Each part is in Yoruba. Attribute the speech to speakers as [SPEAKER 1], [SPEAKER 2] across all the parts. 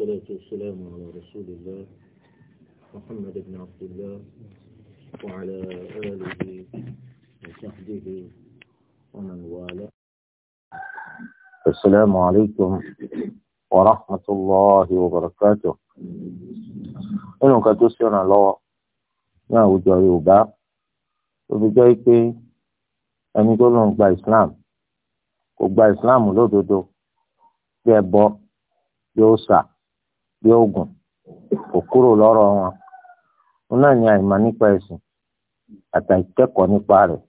[SPEAKER 1] والصلاة والسلام على رسول الله محمد بن عبد الله وعلى آله وصحبه ومن والاه السلام عليكم ورحمة الله وبركاته inú nǹkan tó الله ọ̀nà lọ́wọ́ ní àwùjọ yorùbá tó fi jẹ́ pé ẹni tó lòun gba islam kò yóò sà bí ogun kò kúrò lọ́rọ̀ wọn wọn náà ní àìmọ̀ nípa ẹ̀sìn àtàìkẹ́kọ̀ọ́ nípa rẹ̀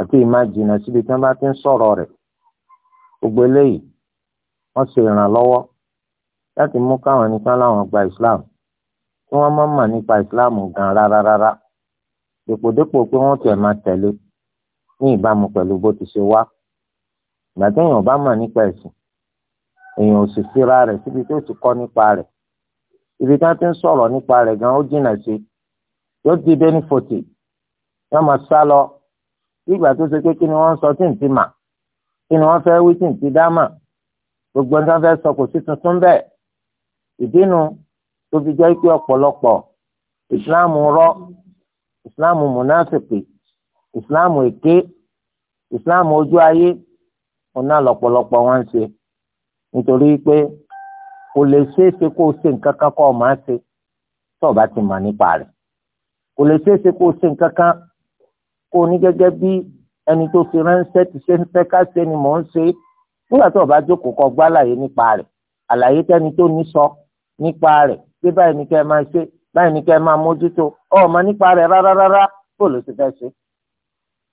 [SPEAKER 1] àti I síbi tí wọ́n bá ti ń sọ̀rọ̀ rẹ̀ gbogbo eléyìí wọ́n ṣe ìrànlọ́wọ́ láti mú káwọn láwọn gba Islam kí wọ́n nípa Islam gan rárá rárá dèpòdépò pé wọ́n tiẹ̀ máa tẹ̀lé ní ìbámu pẹ̀lú bó ti ṣe wá ìgbà téèyàn bá nípa ẹ̀sìn èèyàn ò sì fira rẹ̀ síbi tó ti kọ́ nípa rẹ̀ ibi tí wọ́n ti ń sọ̀rọ̀ nípa rẹ̀ gan ó jìnnà sí yóò di bẹ́ẹ̀ ní fòtì yóò máa sá lọ nígbà tó ṣe pé kí ni wọ́n sọ tí ń ti mà kí ni wọ́n fẹ́ wí tí ń ti dá mà gbogbo ní wọ́n fẹ́ sọ kò sí tuntun bẹ́ẹ̀ ìdínú tó fi jẹ́ pé ọ̀pọ̀lọpọ̀ ìsìláàmù rọ́ ìsìláàmù mùnáfìkì ìsìláàmù èké ìsìláàmù ojú ayé ọ̀nà lọ̀pọ̀lọpọ̀ wọn ń ṣe nítorí pé kò lè ṣeé ṣe kó o ṣe nǹkan kan kọ́ ọ máa ṣe tó o bá ti mọ̀ nípa rẹ̀ kò lè ṣeé ṣe kó o ṣe nǹkan kan kó o ní gẹ́gẹ́ bí ẹni tó fi ránṣẹ́ ti ṣe ń fẹ́ ká ṣe ni mò ń ṣe nígbà tó o bá jókòó kọ gbá nípa rẹ̀ àlàyé tẹ́ni tó ní sọ nípa rẹ̀ pé báyìí ni kẹ́ ẹ máa ṣe báyìí ni kẹ́ ẹ máa mójútó ọmọ nípa rẹ̀ rárá rárá kó ló ti fẹ́ ṣe.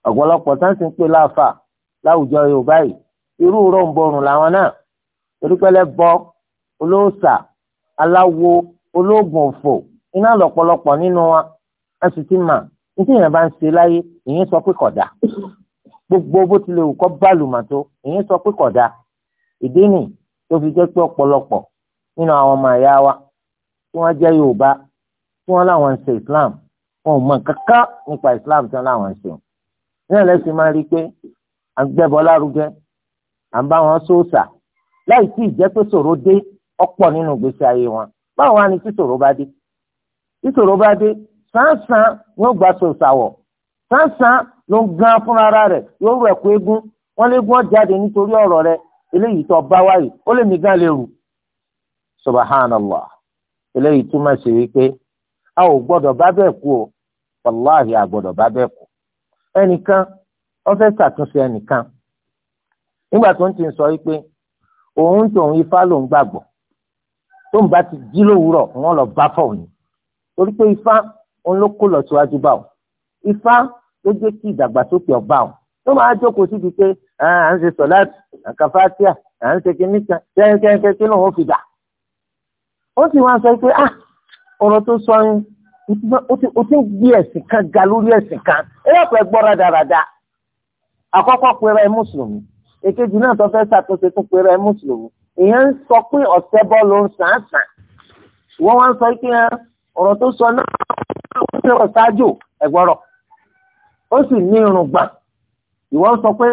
[SPEAKER 1] ọ̀pọ̀lọpọ̀ táǹsì ń pè láàfà láwùjọ Yorùbá yìí irú ròǹbòrùn làwọn náà torípẹ́lẹ́ bọ olóòṣà aláwo olóògùn òfò iná lọ́pọ̀lọpọ̀ nínú wa ẹ sì ti mà nítorí yẹn bá ń ṣe láyé ìyẹn sọ pé kódà gbogbo bó tilẹ̀ wù kọ́ bàlùmọ̀ tó ìyẹn sọ pé kódà ìdí nì tó fi jẹ́ pé ọ̀pọ̀lọpọ̀ nínú àwọn ọmọ ẹ̀yà wa tí wọ́n jẹ́ Yorùbá tí wọ́n láwọn ń ṣe Islam wọn ò mọ kankan nípa Islam tí wọ́n láwọn ń ṣe ní ẹ̀lẹ́sìn máa rí i pé à ń gbẹ́bọ lárugẹ láì sí ìjẹ́ pé ṣòro dé ọ̀pọ̀ nínú ìgbésí ayé wọn báwo wá ni tí ṣòro bá dé tí ṣòro bá dé sánsan ló gba sòsàwọ̀ sánsan ló ń gan fúnra rẹ̀ yóò rẹ̀ kó eégún wọ́n lé gún jáde nítorí ọ̀rọ̀ rẹ̀ eléyìí tó bá wáyé ó lè mí a ò gbọ́dọ̀ bá o wàláhì a gbọ́dọ̀ bá bẹ́ẹ̀ kú ẹnìkan ó fẹ́ ṣàtúnṣe ẹnìkan òun tòun ifá lòun gbàgbọ́ tó ń bá ti jí lówùúrọ̀ wọn lọ bá fọ̀ ni torí pé ifá òun ló kó lọ síwájú bá wọn ifá ló jẹ́ kí ìdàgbàsókè ọba wọn tó máa jókòó síbi pé à ń ṣe sọ̀láàtì àkàfáàtíà à ń ṣe kínní kan kẹ́kẹ́kẹ́ kí lóun ó fi dà ó sì wá sọ pé ah ọ̀rọ̀ tó sọ yín o ti ń gbé ẹ̀sìn kan ga lórí ẹ̀sìn kan ẹ yàtọ̀ ẹ àkọ́kọ́ pera ẹ mùsùlùmí èkejì náà tó fẹ́ ṣàtúnṣe tó pe rẹ mùsùlùmí ìyẹn ń sọ pé ọ̀sẹ̀ bọ́ ló ń sàn án sàn wọ́n wá ń sọ pé ọ̀rọ̀ tó sọ náà ó ṣe ọ̀ṣájò ẹ̀gbọ́rọ̀ ó sì ní irun gbà ìwọ sọ pé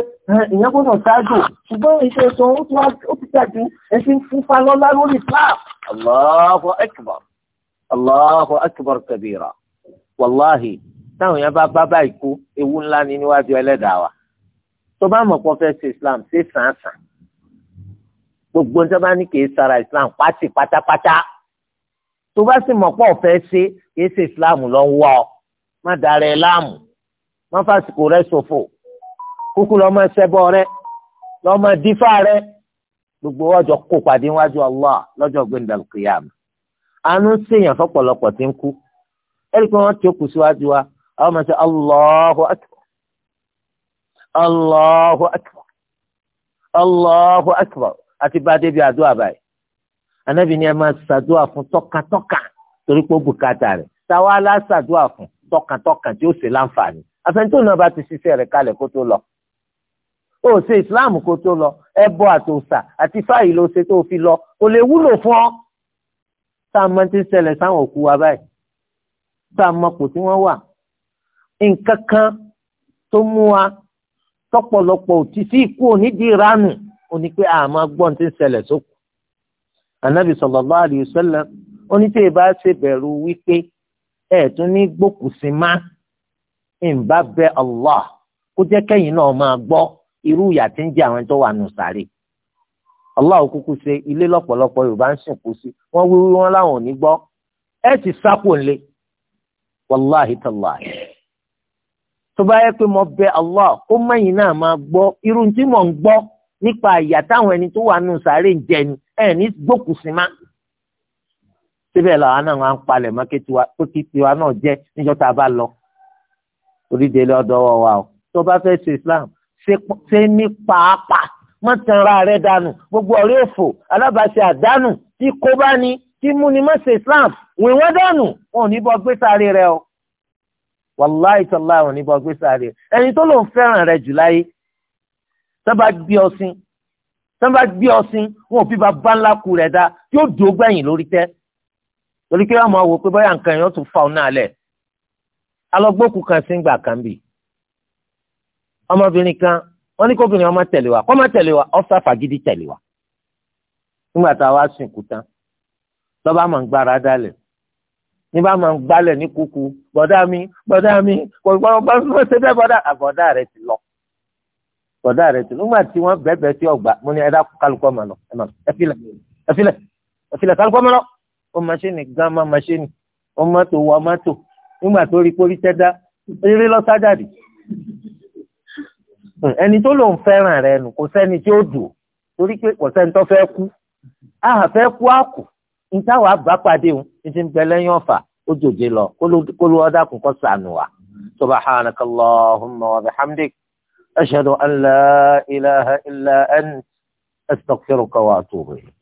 [SPEAKER 1] ìyẹn kò sọ ṣáájò ṣùgbọ́n ìṣe sọ ó ti wá ó ti tẹ̀jú ẹtí ń fún falọ́lá lórí islam. Allahu akbar Allahu akbar kabira wàláhì táwọn tó bá mọ̀ pọ̀ ṣe islam ṣe sàǹsàn gbogbo níta bá ní kì í sara islam pátì pátápátá tó bá sì mọ̀ pọ̀ fẹ́ ṣe kì í ṣe islam lọ ń wọ má dára ẹ láàmú má fàsìkò rẹ ṣòfò kúkú lọ máa ṣẹbọ rẹ lọ máa dífá rẹ gbogbo ọjọ́ kó pàdé wájú Allah lọ́jọ́ gbẹndàlùkìyàmù àánú ṣèyàn fọ́pọ̀lọpọ̀ tí ń kú ẹ̀rí pé wọ́n ti kù síwájú wa àwọn máa ṣe Allahu akbar. Allahu akbar Allahu akbar àti bá débi àdúrà báyìí anabi ni ẹ máa ṣàdúrà fún tọkàntọkàn torí pé ó bùkátà rẹ̀ táwa aláṣàdúrà fún tọkàntọkàn tí ó ṣe láǹfààní àfẹnitó náà bá ti ṣiṣẹ́ rẹ̀ kalẹ̀ kó tó lọ ó ṣe islam kó tó lọ ẹbọ àtòsà àti fáyì ló ṣe tó fi lọ kò lè wúlò fún ọ sáàmọ ti ń ṣẹlẹ̀ sáwọn òkú wa báyìí sáàmọ kò tí wọ́n wà nǹkan kan tó mú wa tọpọlọpọ òtí sí ikú onídìí ránù oní pé àmọ́ gbọ́n ti ń ṣẹlẹ̀ sókù anabi sallallahu alaihi wasallam oníṣẹ ìbá ṣe bẹ̀rù wípé ẹ tún ní gbókùsí má ìbá bẹ Allah kó jẹ́ kẹ́yìn náà máa gbọ́ irú ìyà tí ń jẹ àwọn tó wà nù sáré Allah kúkú ṣe ilé lọ́pọ̀lọpọ̀ Yorùbá ń sìnkú sí wọn wíwí wọn láwọn ò ní gbọ́ ẹ ti sápò ńlẹ wàláhìí tàláhìí tó bá yẹ pé mo bẹ Allah kó mẹ́yìn náà máa gbọ́ irú tí mò ń gbọ́ nípa ìyà táwọn ẹni tó wà nù sàárè ń jẹ ni ẹ̀ ní gbókùsí má. síbẹ̀ làwọn náà máa ń palẹ̀ mọ́ kí tiwa náà jẹ́ níjọ́ tá a bá lọ. orídéélé ọ̀dọ́wọ́ wa o tó bá fẹ́ ṣe Islam ṣe ní pàápàá má tanra rẹ dànù gbogbo ọ̀rẹ́ òfò alábàáṣe àdánù tí kò bá ní tí múni má ṣe Islam wìn wọ́n dànù wọn ò ní bọ́ gbé sáré rẹ o wàláì tọ́lá ò ní bọ́ gbé sáré ẹni tó lòun fẹ́ràn rẹ jù láyé tó bá gbé ọsìn tó bá gbé ọsìn wọn ò fi bá bá ńlá ku rẹ̀ dá yóò dúró gbẹ̀yìn lórí tẹ́ torí pé wọn máa wò pé bóyá nǹkan yẹn ó tún fa ọ náà lẹ̀ alọ́gbókù kan sí ń gbà kan bì ọmọbìnrin kan wọn ní kóbìnrin ọmọ tẹ̀lé wa kọ́mọ tẹ̀lé wa ọ̀sà fàgídí tẹ̀lé wa nígbà tá a wá sìnkú tán lọ́ba máa ń gbára dálẹ̀ ní bá máa ń gbálẹ̀ ní kúkú bọ̀dá mi bọ̀dá mi kò gbọ́dọ̀ bá fún ṣe bẹ́ẹ̀ bọ̀dá àbọ̀dá rẹ̀ ti lọ bọ̀dá rẹ̀ ti lọ nígbà tí wọ́n bẹ̀bẹ̀ tí ọgbà mo ní ẹ̀dá kálukọ́ mà lọ ẹ filẹ̀ ẹ filẹ̀ ẹ filẹ̀ kálukọ́ mà lọ ó maṣíìnì gan ma maṣíìnì ó mọ́tò wọ mọ́tò nígbà tó rí porí tẹ́dá eré lọ́sájàdì ẹni tó lòun fẹ́ràn rẹ̀ nù kò sẹ́ni tí ó dùn torí pé kò sẹ́ni tó fẹ́ kú ntàwọn àbápàdé ń ti ń bẹ lẹ́yìn ọ̀fà ó jòjé lọ kó ló ọdá kún kó sànù wa. subhanaka allahumma wa bihamdik ashhadu an la ilaha illa ant astaghfiruka wa atubu ilayk.